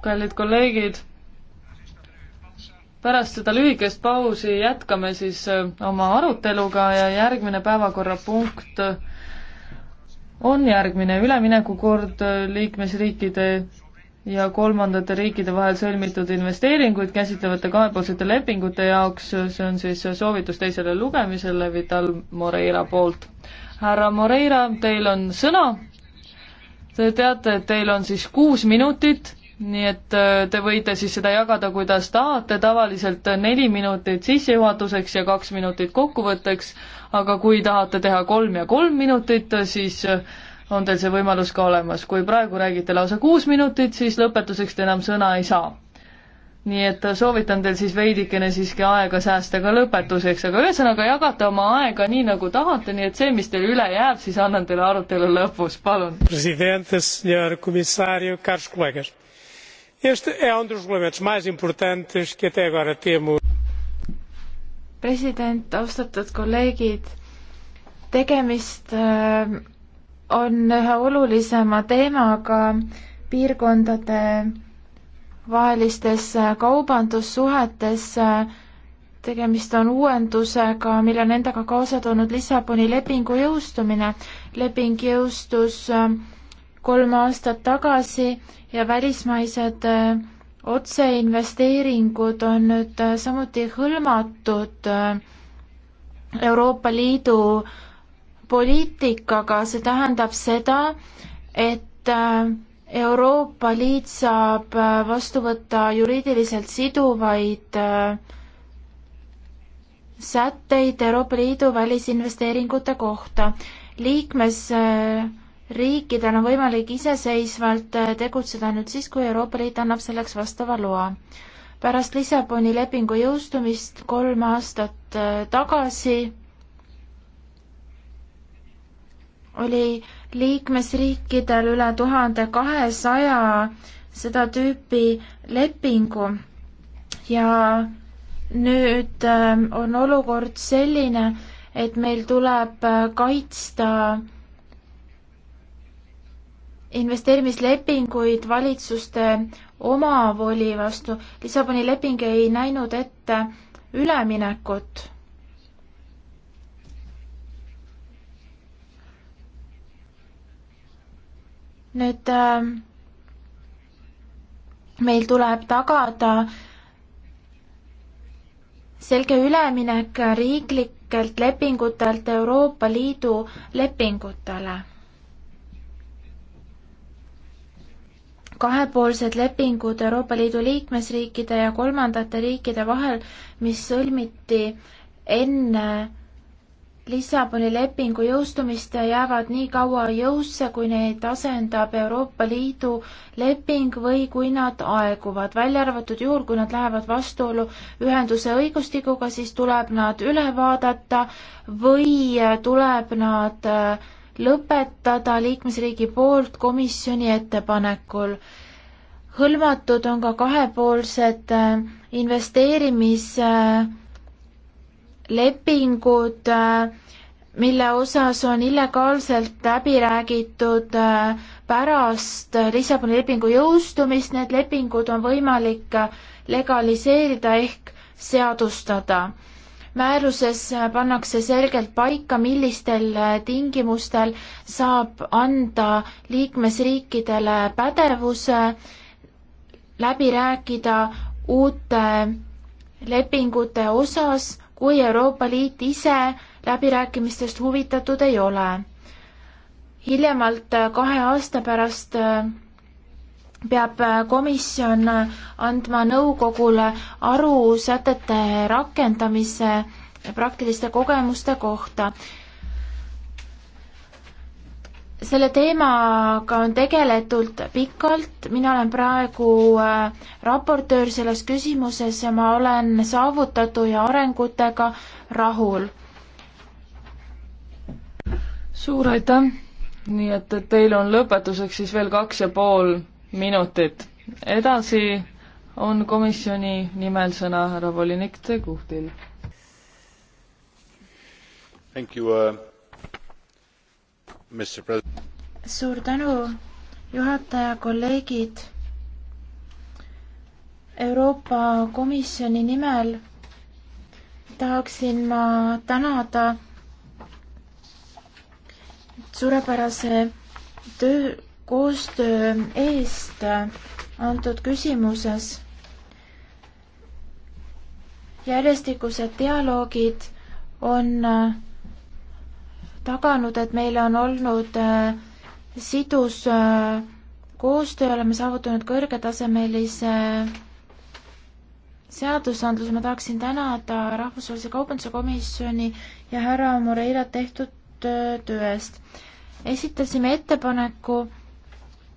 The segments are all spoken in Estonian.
kallid kolleegid, pärast seda lühikest pausi jätkame siis äh, oma aruteluga ja järgmine päevakorrapunkt äh, on järgmine üleminekukord äh, liikmesriikide ja kolmandate riikide vahel sõlmitud investeeringuid käsitlevate kahepoolsete lepingute jaoks, see on siis soovitus teisele lugemisele Vital Moreira poolt. härra Moreira, teil on sõna Te teate, et teil on siis kuus minutit, nii et äh, te võite siis seda jagada, kuidas tahate, tavaliselt neli minutit sissejuhatuseks ja kaks minutit kokkuvõtteks, aga kui tahate teha kolm ja kolm minutit, siis äh, on teil see võimalus ka olemas. kui praegu räägite lausa kuus minutit, siis lõpetuseks te enam sõna ei saa nii et äh, soovitan teil siis veidikene siiski aega säästa ka lõpetuseks, aga ühesõnaga jagate oma aega nii, nagu tahate, nii et see, mis teil üle jääb, siis annan teile arutelu lõpus, palun. Um president, austatud kolleegid, tegemist äh, on ühe olulisema teemaga piirkondade vahelistes äh, kaubandussuhetes. Äh, tegemist on uuendusega, mille on endaga kaasa toonud Lissaboni lepingu jõustumine. leping jõustus äh, kolm aastat tagasi ja välismaised otseinvesteeringud on nüüd samuti hõlmatud Euroopa Liidu poliitikaga, see tähendab seda, et Euroopa Liit saab äh, vastu võtta juriidiliselt siduvaid äh, sätteid Euroopa Liidu välisinvesteeringute kohta. liikmesriikidel on võimalik iseseisvalt äh, tegutseda nüüd siis, kui Euroopa Liit annab selleks vastava loa. pärast Lissaboni lepingu jõustumist kolm aastat tagasi oli liikmesriikidel üle tuhande kahesaja seda tüüpi lepingu ja nüüd ähm, on olukord selline, et meil tuleb äh, kaitsta investeerimislepinguid valitsuste omavoli vastu. Lissaboni leping ei näinud ette üleminekut nüüd ähm, meil tuleb tagada selge üleminek riiklikelt lepingutelt Euroopa Liidu lepingutele. kahepoolsed lepingud Euroopa Liidu liikmesriikide ja kolmandate riikide vahel, mis sõlmiti enne Lissaboni lepingu jõustumist jäävad nii kaua jõusse, kui neid asendab Euroopa Liidu leping või kui nad aeguvad, välja arvatud juhul, kui nad lähevad vastuollu ühenduse õigustikuga, siis tuleb nad üle vaadata või tuleb nad äh, lõpetada liikmesriigi poolt komisjoni ettepanekul. hõlmatud on ka kahepoolsed äh, investeerimis- äh, lepingud, mille osas on illegaalselt läbi räägitud pärast Lissaboni lepingu jõustumist, need lepingud on võimalik legaliseerida ehk seadustada. määruses pannakse selgelt paika, millistel tingimustel saab anda liikmesriikidele pädevuse läbi rääkida uute lepingute osas kui Euroopa Liit ise läbirääkimistest huvitatud ei ole. hiljemalt kahe aasta pärast äh, peab äh, komisjon äh, andma nõukogule aru sätete rakendamise praktiliste kogemuste kohta selle teemaga on tegeletud pikalt, mina olen praegu äh, raportöör selles küsimuses ja ma olen saavutatu ja arengutega rahul. suur aitäh, nii et, et teil on lõpetuseks siis veel kaks ja pool minutit. edasi on komisjoni nimel sõna härra volinik Teguhtil. Thank you uh suur tänu, juhataja, kolleegid. Euroopa Komisjoni nimel tahaksin ma tänada suurepärase töö, koostöö eest antud küsimuses. järjestikused dialoogid on taganud, et meil on olnud äh, sidus äh, koostöö, oleme saavutanud kõrgetasemelise äh, seadusandluse, ma tahaksin tänada Rahvusvahelise Kaubanduse Komisjoni ja härra Moreirat tehtud töö eest. esitasime ettepaneku,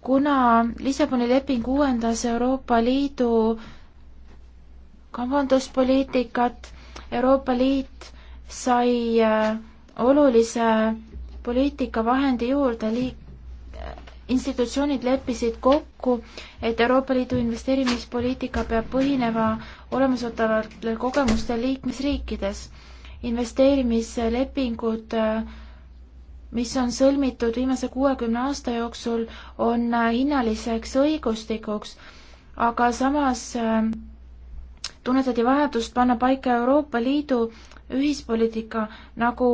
kuna Lissaboni leping uuendas Euroopa Liidu kaubanduspoliitikat, Euroopa Liit sai äh, olulise poliitikavahendi juurde liik-, institutsioonid leppisid kokku, et Euroopa Liidu investeerimispoliitika peab põhinema olemasolevatel kogemustel liikmesriikides. investeerimislepingud, mis on sõlmitud viimase kuuekümne aasta jooksul, on hinnaliseks õigustikuks, aga samas ähm, tunnetati vajadust panna paika Euroopa Liidu ühispoliitika, nagu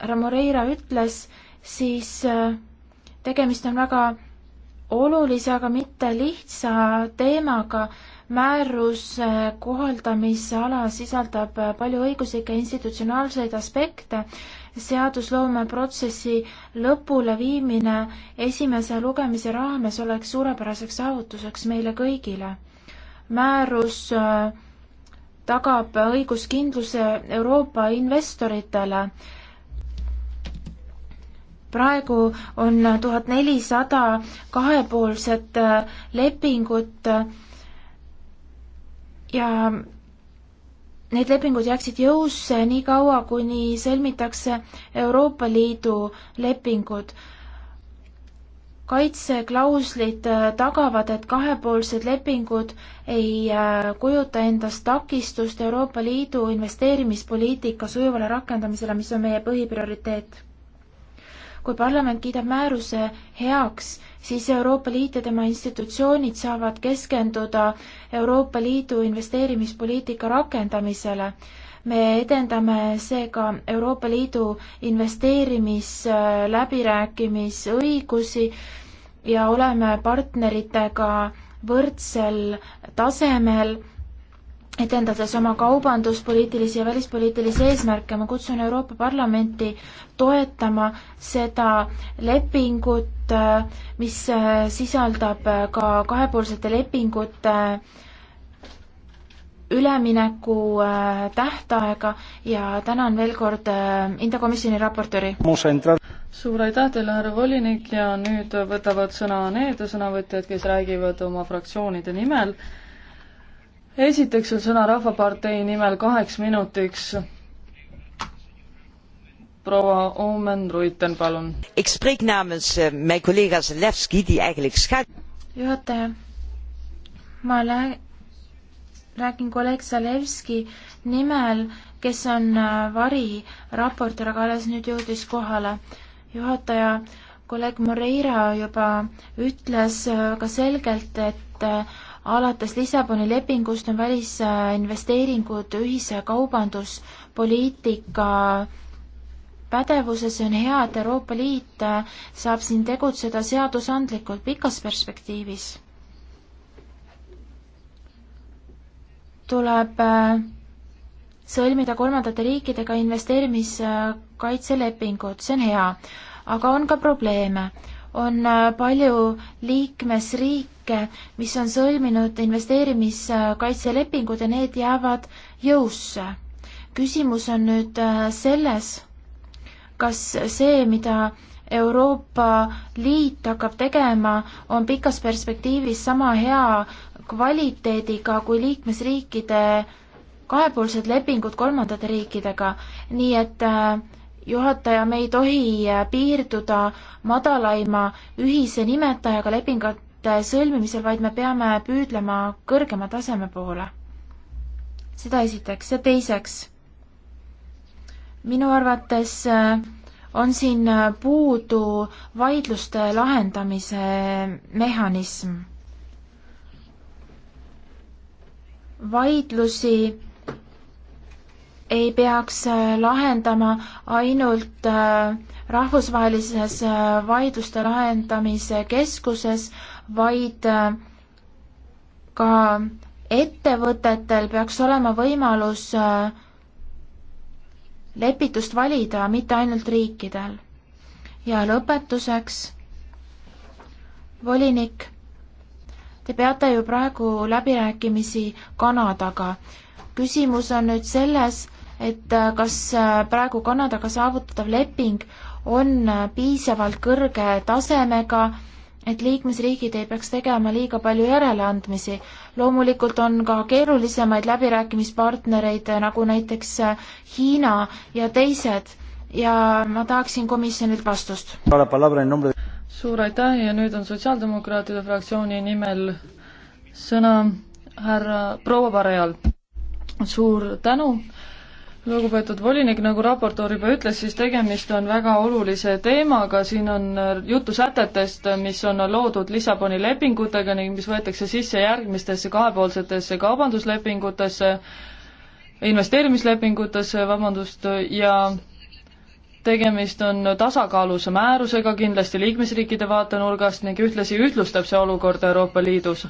härra Moreira ütles, siis äh, tegemist on väga olulise, aga mitte lihtsa teemaga. määruse äh, kohaldamise ala sisaldab äh, palju õiguslikke institutsionaalseid aspekte. seadusloome protsessi lõpuleviimine esimese lugemise raames oleks suurepäraseks saavutuseks meile kõigile. määrus tagab õiguskindluse Euroopa investoritele praegu on tuhat nelisada kahepoolset äh, lepingut äh, ja need lepingud jääksid jõusse nii kaua, kuni sõlmitakse Euroopa Liidu lepingud. kaitseklauslid äh, tagavad, et kahepoolsed lepingud ei kujuta endast takistust Euroopa Liidu investeerimispoliitika sujuvale rakendamisele, mis on meie põhiprioriteet kui parlament kiidab määruse heaks, siis Euroopa Liit ja tema institutsioonid saavad keskenduda Euroopa Liidu investeerimispoliitika rakendamisele. me edendame seega Euroopa Liidu investeerimisläbirääkimisõigusi ja oleme partneritega võrdsel tasemel etendades oma kaubanduspoliitilisi ja välispoliitilisi eesmärke, ma kutsun Euroopa Parlamenti toetama seda lepingut, mis sisaldab ka kahepoolsete lepingute ülemineku äh, tähtaega ja tänan veel kord äh, India komisjoni raportööri. suur aitäh teile, härra volinik, ja nüüd võtavad sõna need sõnavõtjad, kes räägivad oma fraktsioonide nimel esiteks on sõna Rahvapartei nimel kaheks minutiks proua Oomen Ruiten, palun. Ik spreek namens uh, mijn collega Zelewski, die eigenlijk schaduw... Juhataja, ma lähen, räägin kolleeg Zalewski nimel, kes on eh, variraportor, aga alles nüüd jõudis kohale. juhataja, kolleeg Moreira juba ütles väga eh, selgelt, et alates Lissaboni lepingust on välisinvesteeringud ühise kaubanduspoliitika pädevuses ja on hea, et Euroopa Liit saab siin tegutseda seadusandlikult pikas perspektiivis. tuleb äh, sõlmida kolmandate riikidega investeerimiskaitselepingud, see on hea, aga on ka probleeme on äh, palju liikmesriike, mis on sõlminud investeerimiskaitselepingud ja need jäävad jõusse. küsimus on nüüd äh, selles, kas see, mida Euroopa Liit hakkab tegema, on pikas perspektiivis sama hea kvaliteediga kui liikmesriikide kahepoolsed lepingud kolmandate riikidega, nii et äh, juhataja, me ei tohi äh, piirduda madalaima ühise nimetajaga lepingute sõlmimisel, vaid me peame püüdlema kõrgema taseme poole. seda esiteks ja teiseks, minu arvates äh, on siin äh, puudu vaidluste lahendamise mehhanism. vaidlusi ei peaks äh, lahendama ainult äh, rahvusvahelises äh, vaidluste lahendamise keskuses, vaid ka ettevõtetel peaks olema võimalus lepitust valida, mitte ainult riikidel. ja lõpetuseks, volinik, te peate ju praegu läbirääkimisi Kanadaga. küsimus on nüüd selles, et äh, kas äh, praegu Kanadaga saavutatav leping on äh, piisavalt kõrge tasemega, et liikmesriigid ei peaks tegema liiga palju järeleandmisi. loomulikult on ka keerulisemaid läbirääkimispartnereid, nagu näiteks Hiina ja teised ja ma tahaksin komisjonilt vastust. suur aitäh ja nüüd on Sotsiaaldemokraatide fraktsiooni nimel sõna härra proua Varejal. suur tänu lugupeetud volinik, nagu raportöör juba ütles, siis tegemist on väga olulise teemaga, siin on äh, juttu sätetest, mis on loodud Lissaboni lepingutega ning mis võetakse sisse järgmistesse kahepoolsetesse kaubanduslepingutesse, investeerimislepingutesse, vabandust, ja tegemist on tasakaalus määrusega kindlasti liikmesriikide vaatenurgast ning ühtlasi ühtlustab see olukorda Euroopa Liidus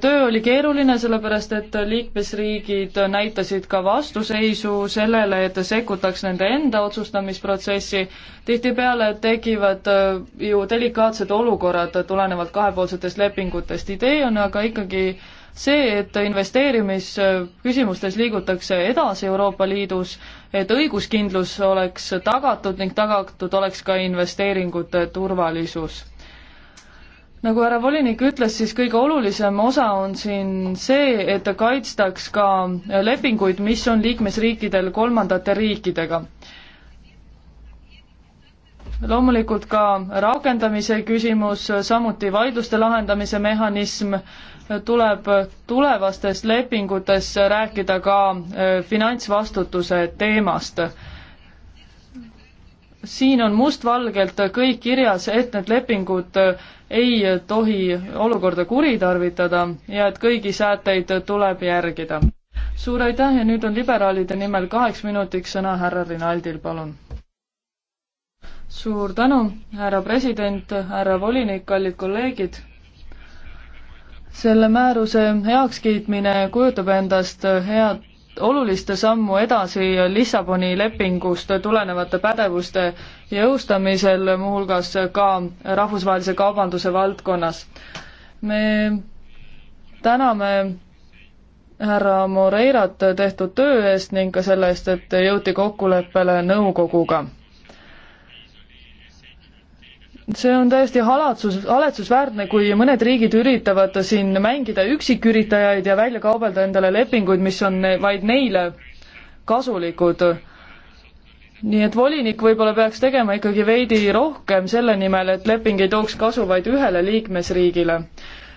töö oli keeruline, sellepärast et liikmesriigid näitasid ka vastuseisu sellele, et sekkutaks nende enda otsustamisprotsessi. tihtipeale tekivad äh, ju delikaatsed olukorrad tulenevalt kahepoolsetest lepingutest. idee on aga ikkagi see, et investeerimisküsimustes liigutakse edasi Euroopa Liidus, et õiguskindlus oleks tagatud ning tagatud oleks ka investeeringute turvalisus nagu härra volinik ütles, siis kõige olulisem osa on siin see, et kaitstaks ka lepinguid, mis on liikmesriikidel kolmandate riikidega. loomulikult ka rakendamise küsimus, samuti vaidluste lahendamise mehhanism, tuleb tulevastes lepingutes rääkida ka eh, finantsvastutuse teemast siin on mustvalgelt kõik kirjas, et need lepingud ei tohi olukorda kuritarvitada ja et kõigi säteid tuleb järgida. suur aitäh ja nüüd on liberaalide nimel kaheks minutiks sõna härra Rinaldil, palun. suur tänu, härra president, härra volinik, kallid kolleegid. selle määruse heakskiitmine kujutab endast head olulist sammu edasi Lissaboni lepingust tulenevate pädevuste jõustamisel, muuhulgas ka rahvusvahelise kaubanduse valdkonnas. me täname härra Moreirat tehtud töö eest ning ka selle eest, et jõuti kokkuleppele nõukoguga see on täiesti halatsus, haletsusväärne, kui mõned riigid üritavad siin mängida üksiküritajaid ja välja kaubelda endale lepinguid, mis on vaid neile kasulikud. nii et volinik võib-olla peaks tegema ikkagi veidi rohkem selle nimel, et leping ei tooks kasu vaid ühele liikmesriigile.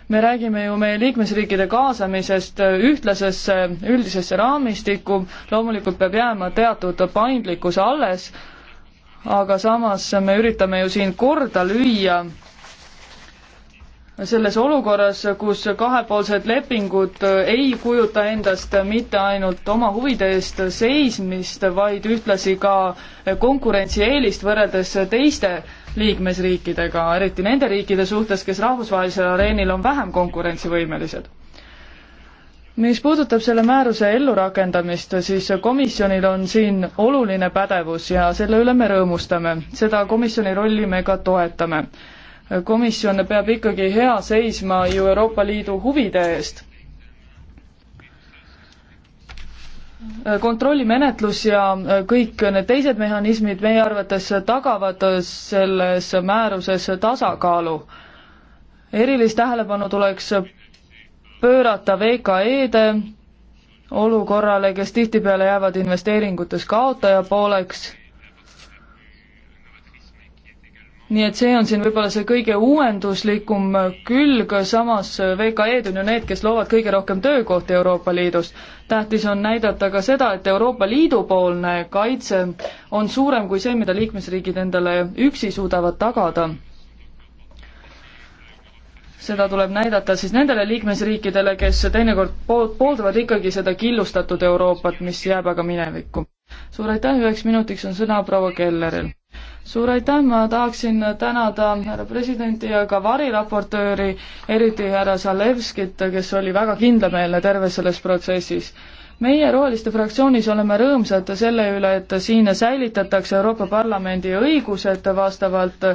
me räägime ju meie liikmesriikide kaasamisest ühtlasesse üldisesse raamistikku, loomulikult peab jääma teatud paindlikkus alles aga samas me üritame ju siin korda lüüa selles olukorras, kus kahepoolsed lepingud ei kujuta endast mitte ainult oma huvide eest seismist, vaid ühtlasi ka konkurentsieelist võrreldes teiste liikmesriikidega, eriti nende riikide suhtes, kes rahvusvahelisel areenil on vähem konkurentsivõimelised mis puudutab selle määruse ellurakendamist, siis komisjonil on siin oluline pädevus ja selle üle me rõõmustame. seda komisjoni rolli me ka toetame. komisjon peab ikkagi hea seisma ju Euroopa Liidu huvide eest kontrollimenetlus ja kõik need teised mehhanismid meie arvates tagavad selles määruses tasakaalu. erilist tähelepanu tuleks pöörata VKE-de olukorrale, kes tihtipeale jäävad investeeringutes kaotaja pooleks. nii et see on siin võib-olla see kõige uuenduslikum külg, samas VKE-d on ju need, kes loovad kõige rohkem töökohti Euroopa Liidus. tähtis on näidata ka seda, et Euroopa Liidu poolne kaitse on suurem kui see, mida liikmesriigid endale üksi suudavad tagada seda tuleb näidata siis nendele liikmesriikidele, kes teinekord pooldavad ikkagi seda killustatud Euroopat, mis jääb aga minevikku. suur aitäh, üheks minutiks on sõna proua Kelleril. suur aitäh, ma tahaksin tänada härra presidenti ja ka variraportööri, eriti härra Zalevskit, kes oli väga kindlameelne terves selles protsessis meie Roheliste fraktsioonis oleme rõõmsad selle üle, et siin säilitatakse Euroopa Parlamendi õigused vastavalt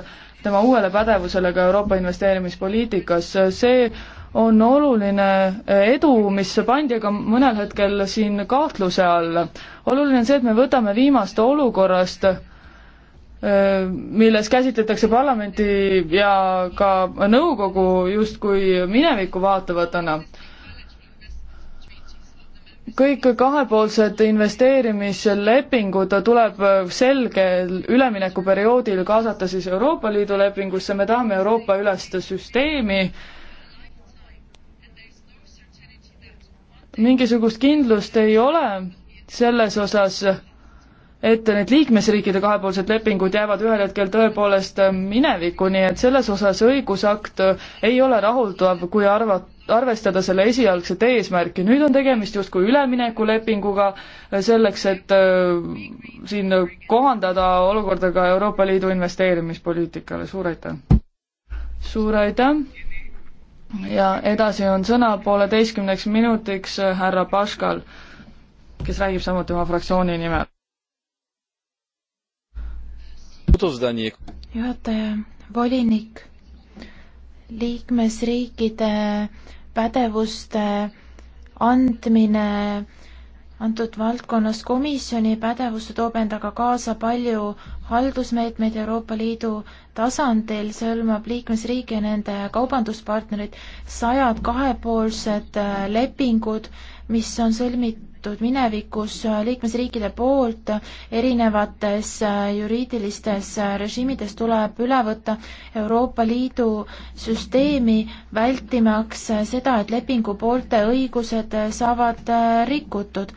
tema uuele pädevusele ka Euroopa investeerimispoliitikas, see on oluline edu, mis pandi aga mõnel hetkel siin kahtluse alla. oluline on see, et me võtame viimast olukorrast, milles käsitletakse parlamenti ja ka nõukogu justkui minevikku vaatavatena kõik kahepoolsed investeerimislepingud tuleb selgel üleminekuperioodil kaasata siis Euroopa Liidu lepingusse, me tahame Euroopa-ülest süsteemi. mingisugust kindlust ei ole selles osas, et need liikmesriikide kahepoolsed lepingud jäävad ühel hetkel tõepoolest minevikku, nii et selles osas õigusakt ei ole rahuldav, kui arvata, arvestada selle esialgset eesmärki, nüüd on tegemist justkui üleminekulepinguga äh, selleks, et äh, siin kohandada olukorda ka Euroopa Liidu investeerimispoliitikale, suur aitäh! suur aitäh! ja edasi on sõna pooleteistkümneks minutiks äh, härra Paškal, kes räägib samuti oma fraktsiooni nimel. juhataja, volinik, liikmesriikide pädevuste andmine antud valdkonnas komisjoni pädevusse toob endaga kaasa palju haldusmeetmeid Euroopa Liidu tasandil, see hõlmab liikmesriike ja nende kaubanduspartnerid, sajad kahepoolsed lepingud, mis on sõlmitud minevikus liikmesriikide poolt erinevates äh, juriidilistes äh, režiimides, tuleb üle võtta Euroopa Liidu süsteemi, vältimaks äh, seda, et lepingupoolte õigused saavad rikutud.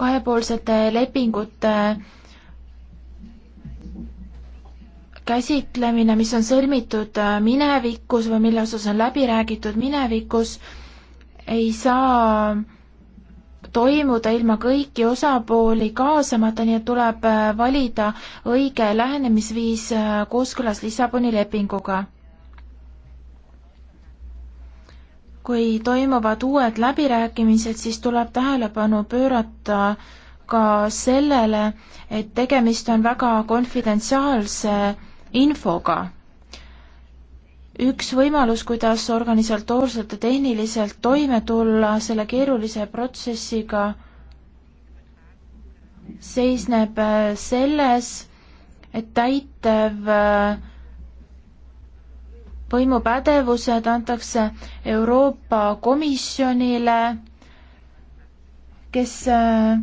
kahepoolsete lepingute käsitlemine, mis on sõlmitud minevikus või mille osas on läbi räägitud minevikus, ei saa toimuda ilma kõiki osapooli kaasamata, nii et tuleb äh, valida õige lähenemisviis äh, kooskõlas Lissaboni lepinguga. kui toimuvad uued läbirääkimised, siis tuleb tähelepanu pöörata ka sellele, et tegemist on väga konfidentsiaalse infoga üks võimalus, kuidas organisatoorselt ja tehniliselt toime tulla selle keerulise protsessiga, seisneb äh, selles, et täitev äh, võimupädevused antakse Euroopa Komisjonile, kes äh,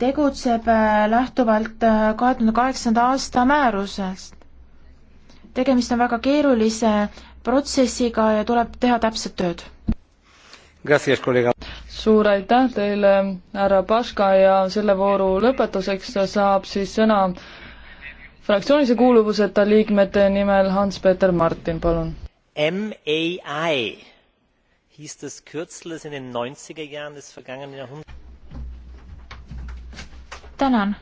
tegutseb lähtuvalt kahe tuhande kaheksanda aasta määrusest. tegemist on väga keerulise protsessiga ja tuleb teha täpset tööd. suur aitäh teile, härra Paška, ja selle vooru lõpetuseks saab siis sõna fraktsioonise kuuluvuseta liikmete nimel Hans-Peter Martin, palun. MAI hieß das Kürzles in den 90er Jahren des vergangenen Jahrhunderts. tänan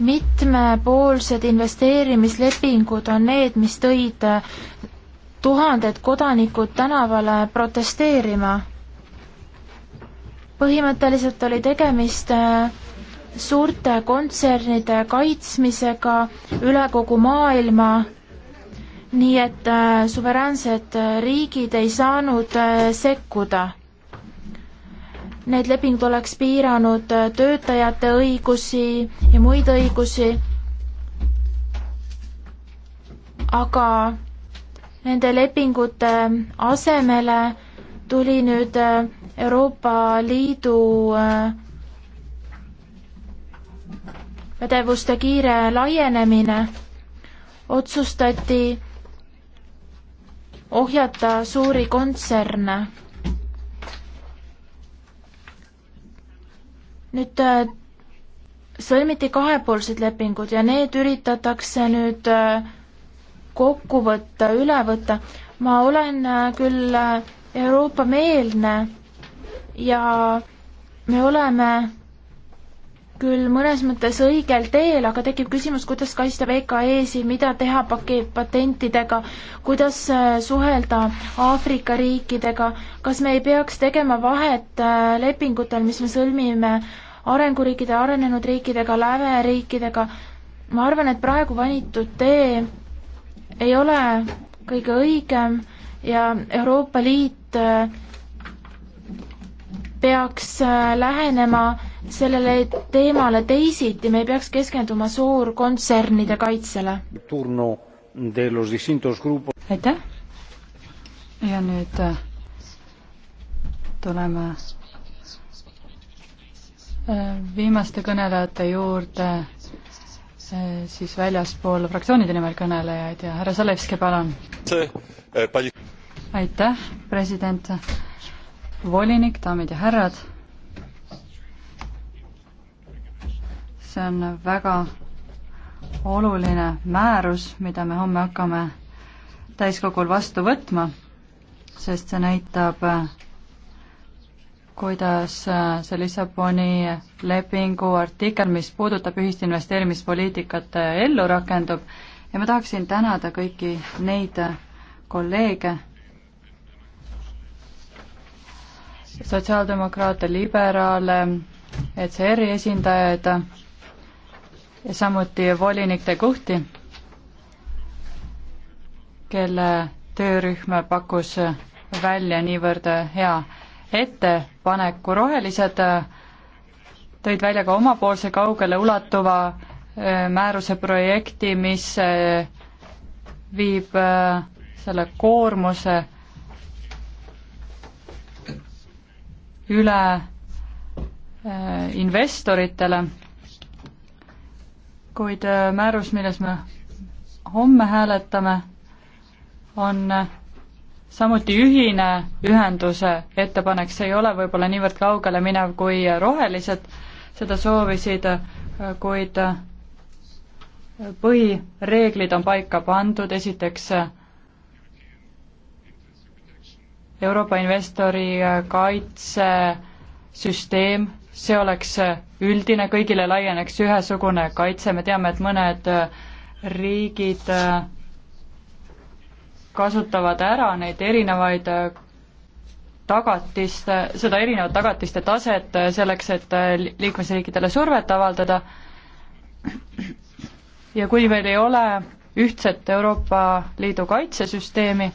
mitmepoolsed investeerimislepingud on need, mis tõid tuhanded kodanikud tänavale protesteerima. põhimõtteliselt oli tegemist äh, suurte kontsernide kaitsmisega üle kogu maailma, nii et äh, suveräänsed äh, riigid ei saanud sekkuda need lepingud oleks piiranud äh, töötajate õigusi ja muid õigusi, aga nende lepingute äh, asemele tuli nüüd äh, Euroopa Liidu pädevuste kiire laienemine, otsustati ohjata suuri kontserne nüüd äh, sõlmiti kahepoolsed lepingud ja need üritatakse nüüd äh, kokku võtta, üle võtta. ma olen äh, küll Euroopa-meelne ja me oleme küll mõnes mõttes õigel teel, aga tekib küsimus, kuidas kaitsta VKE-si, mida teha patentidega, kuidas äh, suhelda Aafrika riikidega, kas me ei peaks tegema vahet äh, lepingutel, mis me sõlmime arenguriikide, arenenud riikidega, läveriikidega, ma arvan, et praegu valitud tee ei ole kõige õigem ja Euroopa Liit äh, peaks lähenema äh, sellele teemale teisiti, me ei peaks keskenduma suurkontsernide kaitsele. aitäh ja nüüd äh, tuleme äh, viimaste kõnelejate juurde äh, siis väljaspool fraktsioonide nimel kõnelejaid ja härra Zalewski, palun. aitäh, president, volinik, daamid ja härrad see on väga oluline määrus, mida me homme hakkame täiskogul vastu võtma, sest see näitab, kuidas see Lissaboni lepingu artikkel, mis puudutab ühist investeerimispoliitikat, ellu rakendub ja ma tahaksin tänada kõiki neid kolleege, sotsiaaldemokraate, liberaale, ECR-i esindajaid, ja samuti volinike kohti, kelle töörühm pakkus välja niivõrd hea ettepaneku. rohelised tõid välja ka omapoolse kaugele ulatuva e, määruse projekti, mis e, viib e, selle koormuse üle investoritele kuid äh, määrus, milles me homme hääletame, on äh, samuti ühine ühenduse ettepanek, see ei ole võib-olla niivõrd kaugele minev, kui äh, rohelised seda soovisid, kuid põhireeglid on paika pandud, esiteks Euroopa investori kaitsesüsteem see oleks äh, üldine, kõigile laieneks ühesugune kaitse, me teame, et mõned äh, riigid äh, kasutavad ära neid erinevaid tagatiste, seda erinevat tagatiste taset selleks, et liikmesriikidele survet avaldada. ja kui meil ei ole ühtset Euroopa Liidu kaitsesüsteemi,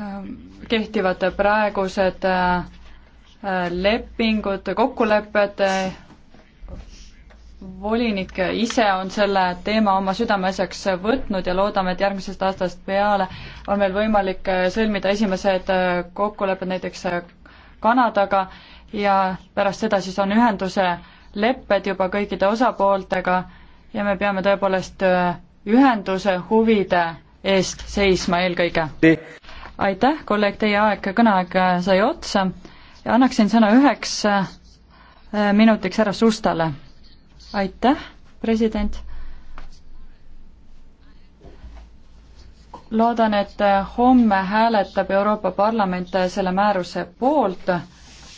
Äh, kehtivad praegused äh, lepingud, kokkulepped, volinik ise on selle teema oma südameasjaks võtnud ja loodame, et järgmisest aastast peale on meil võimalik äh, sõlmida esimesed kokkulepped näiteks Kanadaga ja pärast seda siis on ühenduse lepped juba kõikide osapooltega ja me peame tõepoolest ühenduse huvide eest seisma eelkõige aitäh, kolleeg, teie aeg, kõneaeg äh, sai otsa ja annaksin sõna üheks äh, minutiks härra Sustale. aitäh, president. loodan, et äh, homme hääletab Euroopa Parlament selle määruse poolt,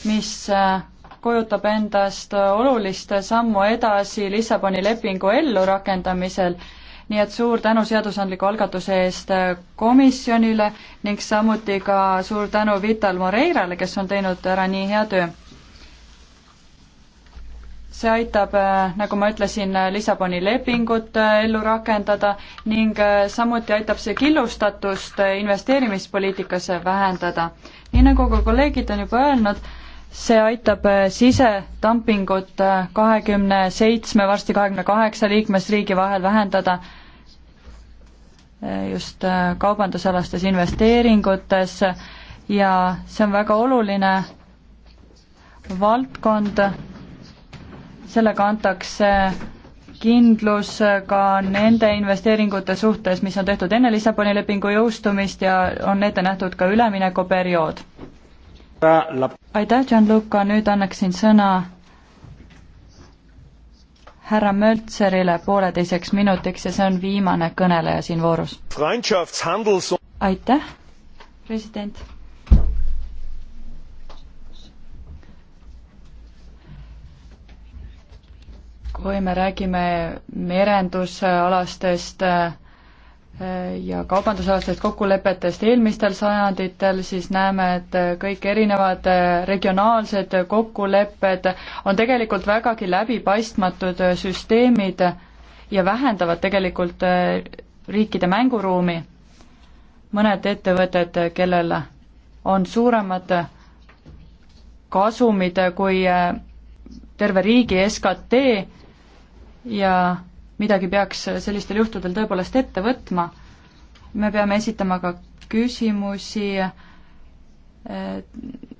mis kujutab endast olulist sammu edasi Lissaboni lepingu ellurakendamisel nii et suur tänu seadusandliku algatuse eest äh, komisjonile ning samuti ka suur tänu Vital Moreirale, kes on teinud ära nii hea töö. see aitab, äh, nagu ma ütlesin, äh, Lissaboni lepingut ellu rakendada ning samuti aitab see killustatust investeerimispoliitikas vähendada. nii nagu ka kolleegid on juba öelnud, see aitab sisedumpingut kahekümne seitsme, varsti kahekümne kaheksa liikmesriigi vahel vähendada just äh, kaubandusalastes investeeringutes ja see on väga oluline valdkond, sellega antakse kindlus ka nende investeeringute suhtes, mis on tehtud enne Lissaboni lepingu jõustumist ja on ette nähtud ka üleminekuperiood. aitäh, Gianluca, nüüd annaksin sõna härra Möltserile pooleteiseks minutiks ja see on viimane kõneleja siin voorus. aitäh, president. kui me räägime merendusalastest äh, ja kaubandusalastest kokkulepetest eelmistel sajanditel, siis näeme, et kõik erinevad regionaalsed kokkulepped on tegelikult vägagi läbipaistmatud süsteemid ja vähendavad tegelikult riikide mänguruumi. mõned ettevõtted, kellel on suuremad kasumid kui terve riigi SKT ja midagi peaks sellistel juhtudel tõepoolest ette võtma. me peame esitama ka küsimusi,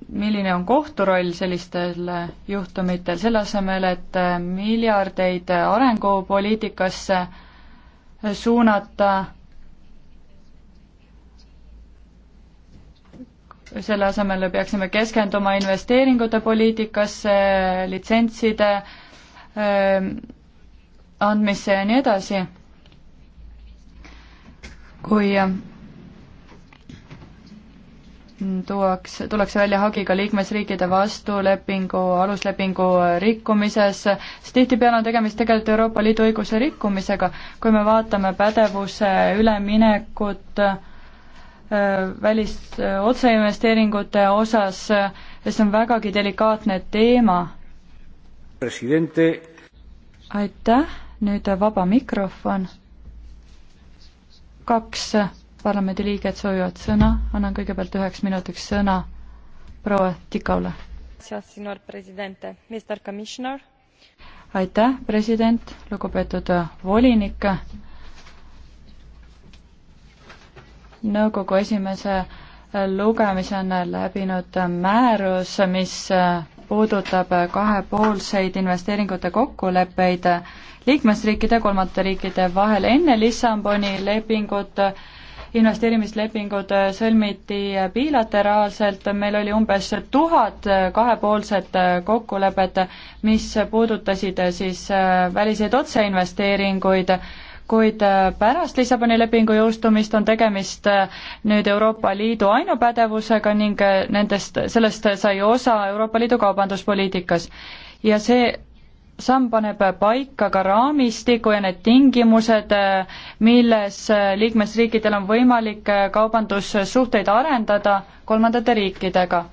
milline on kohtu roll sellistel juhtumitel, selle asemel, et miljardeid arengupoliitikasse suunata, selle asemel peaksime keskenduma investeeringute poliitikasse, litsentside öö, andmisse ja nii edasi. kui äh, tuuakse, tullakse välja hagiga liikmesriikide vastu lepingu, aluslepingu rikkumises, siis tihtipeale on tegemist tegelikult Euroopa Liidu õiguse rikkumisega, kui me vaatame pädevuse üleminekut äh, välis, äh, otseinvesteeringute osas, see on vägagi delikaatne teema. aitäh nüüd vaba mikrofon. kaks parlamendiliiget soovivad sõna, annan kõigepealt üheks minutiks sõna proua Tikaule. aitäh, president, lugupeetud volinik. nõukogu esimese lugemise on läbinud määrus, mis puudutab kahepoolseid investeeringute kokkuleppeid liikmesriikide ja kolmandate riikide vahel. enne Lissaboni lepingut, investeerimislepingud sõlmiti bilateraalselt, meil oli umbes tuhat kahepoolset kokkulepet, mis puudutasid siis väliseid otseinvesteeringuid kuid pärast Lissaboni lepingu jõustumist on tegemist nüüd Euroopa Liidu ainupädevusega ning nendest, sellest sai osa Euroopa Liidu kaubanduspoliitikas. ja see samm paneb paika ka raamistiku ja need tingimused, milles liikmesriikidel on võimalik kaubandussuhteid arendada kolmandate riikidega.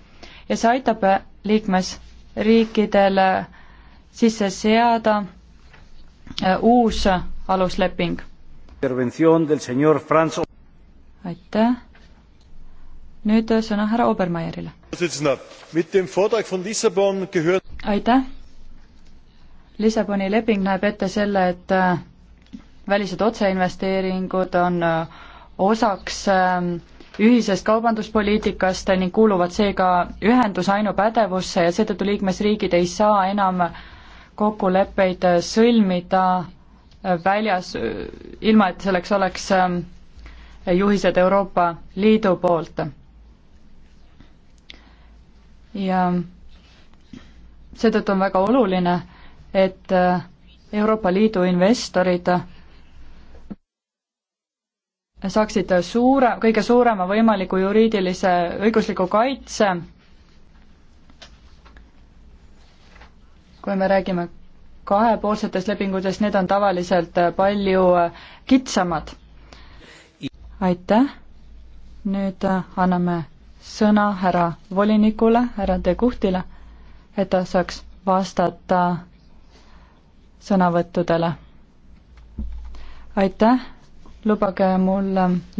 ja see aitab liikmesriikidel sisse seada uus alusleping. aitäh. nüüd sõna härra Obermeierile. aitäh Lissaboni leping näeb ette selle, et äh, välised otseinvesteeringud on äh, osaks äh, ühisest kaubanduspoliitikast ning kuuluvad seega ühenduse ainupädevusse ja seetõttu liikmesriigid ei saa enam kokkuleppeid sõlmida väljas, ilma et selleks oleks juhised Euroopa Liidu poolt. ja seetõttu on väga oluline, et äh, Euroopa Liidu investorid saaksid suure, kõige suurema võimaliku juriidilise õigusliku kaitse, kui me räägime kahepoolsetest lepingutest, need on tavaliselt palju kitsamad. aitäh, nüüd anname sõna härra volinikule, härra De Guhtile, et ta saaks vastata sõnavõttudele. aitäh, lubage mul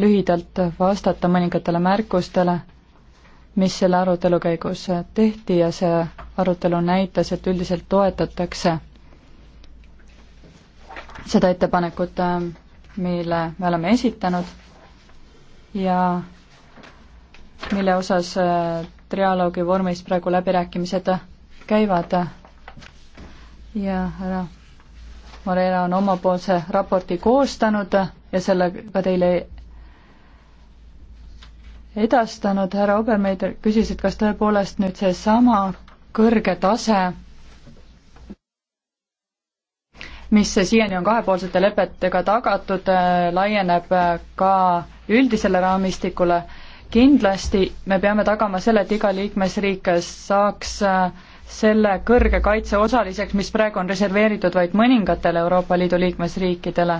lühidalt vastata mõningatele märkustele, mis selle arutelu käigus tehti ja see arutelu näitas, et üldiselt toetatakse seda ettepanekut, mille me oleme esitanud ja mille osas äh, trialoogi vormis praegu läbirääkimised käivad ja härra Moreira on omapoolse raporti koostanud ja selle ka teile edastanud. härra Obermeider küsis, et kas tõepoolest nüüd seesama kõrge tase, mis siiani on kahepoolsete lepetega tagatud, laieneb ka üldisele raamistikule. kindlasti me peame tagama selle, et iga liikmesriik saaks äh, selle kõrge kaitse osaliseks, mis praegu on reserveeritud vaid mõningatele Euroopa Liidu liikmesriikidele.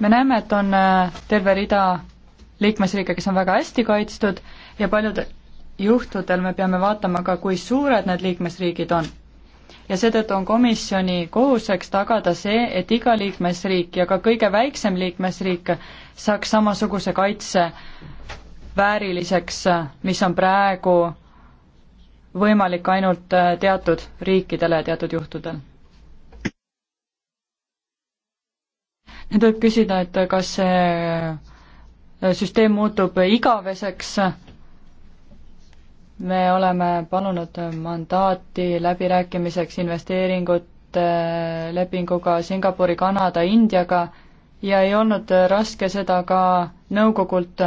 me näeme, et on äh, terve rida liikmesriike, kes on väga hästi kaitstud ja paljudel juhtudel me peame vaatama ka, kui suured need liikmesriigid on. ja seetõttu on komisjoni kohuseks tagada see, et iga liikmesriik ja ka kõige väiksem liikmesriik saaks samasuguse kaitse vääriliseks, mis on praegu võimalik ainult äh, teatud riikidele teatud juhtudel. nüüd võib küsida, et äh, kas see äh, süsteem muutub igaveseks. me oleme palunud mandaati läbirääkimiseks investeeringute lepinguga Singapuri, Kanada, Indiaga ja ei olnud raske seda ka nõukogult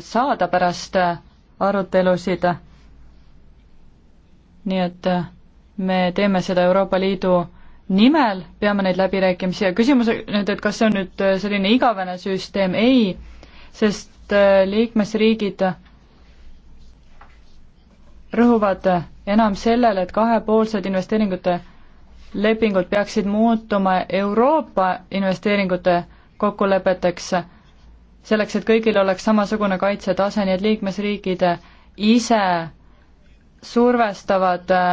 saada pärast arutelusid. nii et äh, me teeme seda Euroopa Liidu nimel, peame neid läbirääkimisi ja küsimus nüüd, et kas see on nüüd äh, selline igavene süsteem, ei, sest äh, liikmesriigid rõhuvad enam sellele, et kahepoolsed investeeringute lepingud peaksid muutuma Euroopa investeeringute kokkulepeteks selleks, et kõigil oleks samasugune kaitsetase, nii et liikmesriigid ise survestavad äh,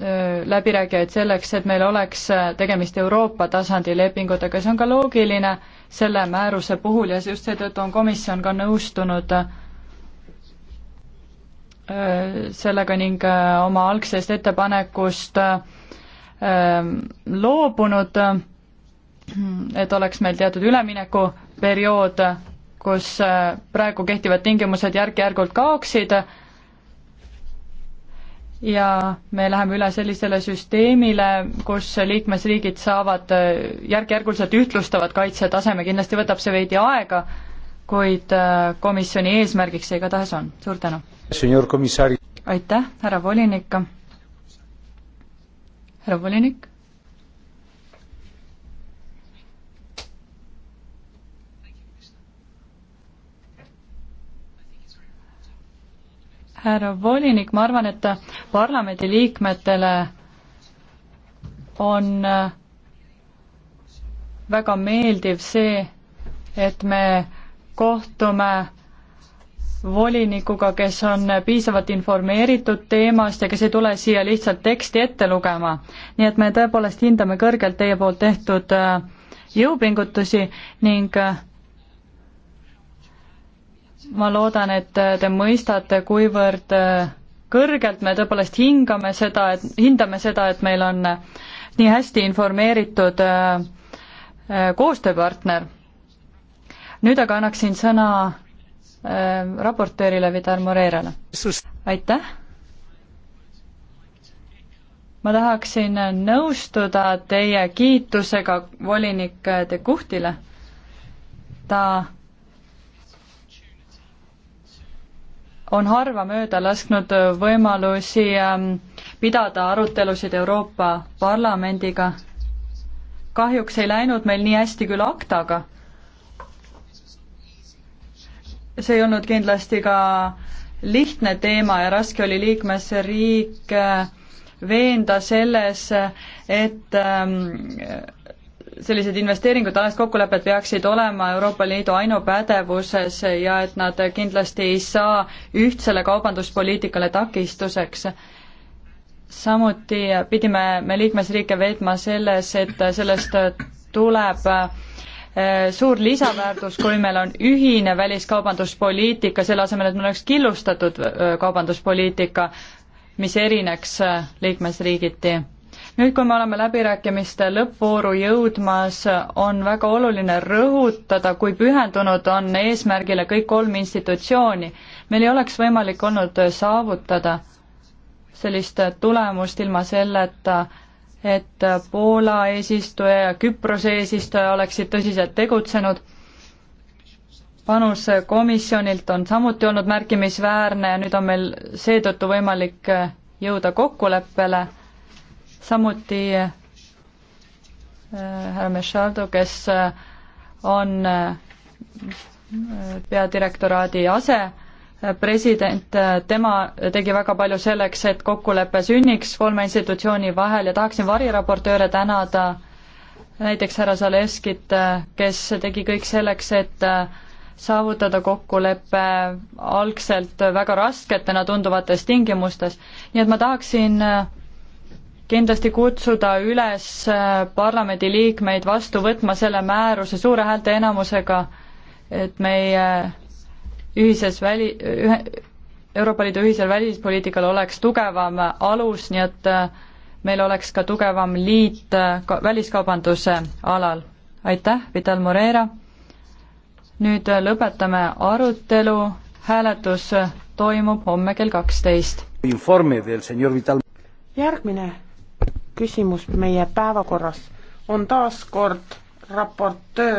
äh, läbirääkijaid selleks, et meil oleks äh, tegemist Euroopa tasandi lepingutega, see on ka loogiline selle määruse puhul ja just seetõttu on komisjon ka nõustunud sellega ning oma algsest ettepanekust loobunud, et oleks meil teatud üleminekuperiood, periood, kus äh, praegu kehtivad tingimused järk-järgult kaoksid ja me läheme üle sellisele süsteemile, kus liikmesriigid saavad, äh, järk-järgult ühtlustavad kaitsetaseme, kindlasti võtab see veidi aega, kuid äh, komisjoni eesmärgiks see igatahes on, suur tänu. aitäh, härra volinik. härra volinik härra volinik, ma arvan, et parlamendiliikmetele on äh, väga meeldiv see, et me kohtume volinikuga, kes on piisavalt informeeritud teemast ja kes ei tule siia lihtsalt teksti ette lugema. nii et me tõepoolest hindame kõrgelt teie poolt tehtud äh, jõupingutusi ning äh, ma loodan, et te mõistate, kuivõrd äh, kõrgelt me tõepoolest hingame seda, et hindame seda, et meil on äh, nii hästi informeeritud äh, koostööpartner. nüüd aga annaksin sõna raportöörile Vidar Moreerale. aitäh! ma tahaksin nõustuda teie kiitusega volinik De Guhtile. ta on harva mööda lasknud võimalusi ähm, pidada arutelusid Euroopa Parlamendiga. kahjuks ei läinud meil nii hästi küll aktaga. see ei olnud kindlasti ka lihtne teema ja raske oli liikmesriik äh, veenda selles, et ähm, sellised investeeringud alles kokkulepped peaksid olema Euroopa Liidu ainupädevuses ja et nad kindlasti ei saa ühtsele kaubanduspoliitikale takistuseks. samuti pidime me liikmesriike veetma selles, et sellest tuleb eh, suur lisaväärtus, kui meil on ühine väliskaubanduspoliitika, selle asemel, et meil oleks killustatud eh, kaubanduspoliitika, mis erineks eh, liikmesriigiti nüüd, kui me oleme läbirääkimiste lõppvooru jõudmas, on väga oluline rõhutada, kui pühendunud on eesmärgile kõik kolm institutsiooni. meil ei oleks võimalik olnud saavutada sellist tulemust ilma selleta, et Poola eesistuja ja Küprose eesistuja oleksid tõsiselt tegutsenud panus komisjonilt on samuti olnud märkimisväärne ja nüüd on meil seetõttu võimalik jõuda kokkuleppele samuti äh, härra Mešardo, kes äh, on äh, peadirektoraadi asepresident, tema tegi väga palju selleks, et kokkulepe sünniks kolme institutsiooni vahel ja tahaksin variraportööre tänada, näiteks härra Zaleskit, kes tegi kõik selleks, et saavutada kokkulepe algselt väga rasketena tunduvates tingimustes. nii et ma tahaksin kindlasti kutsuda üles äh, parlamendiliikmeid vastu võtma selle määruse suure häälteenamusega, et meie ühises väli, ühe, Euroopa Liidu ühisel välispoliitikal oleks tugevam alus, nii et äh, meil oleks ka tugevam liit äh, ka väliskaubanduse alal. aitäh, Vital Moreira! nüüd lõpetame arutelu, hääletus toimub homme kell kaksteist. järgmine küsimus meie päevakorras on taas kord raportöör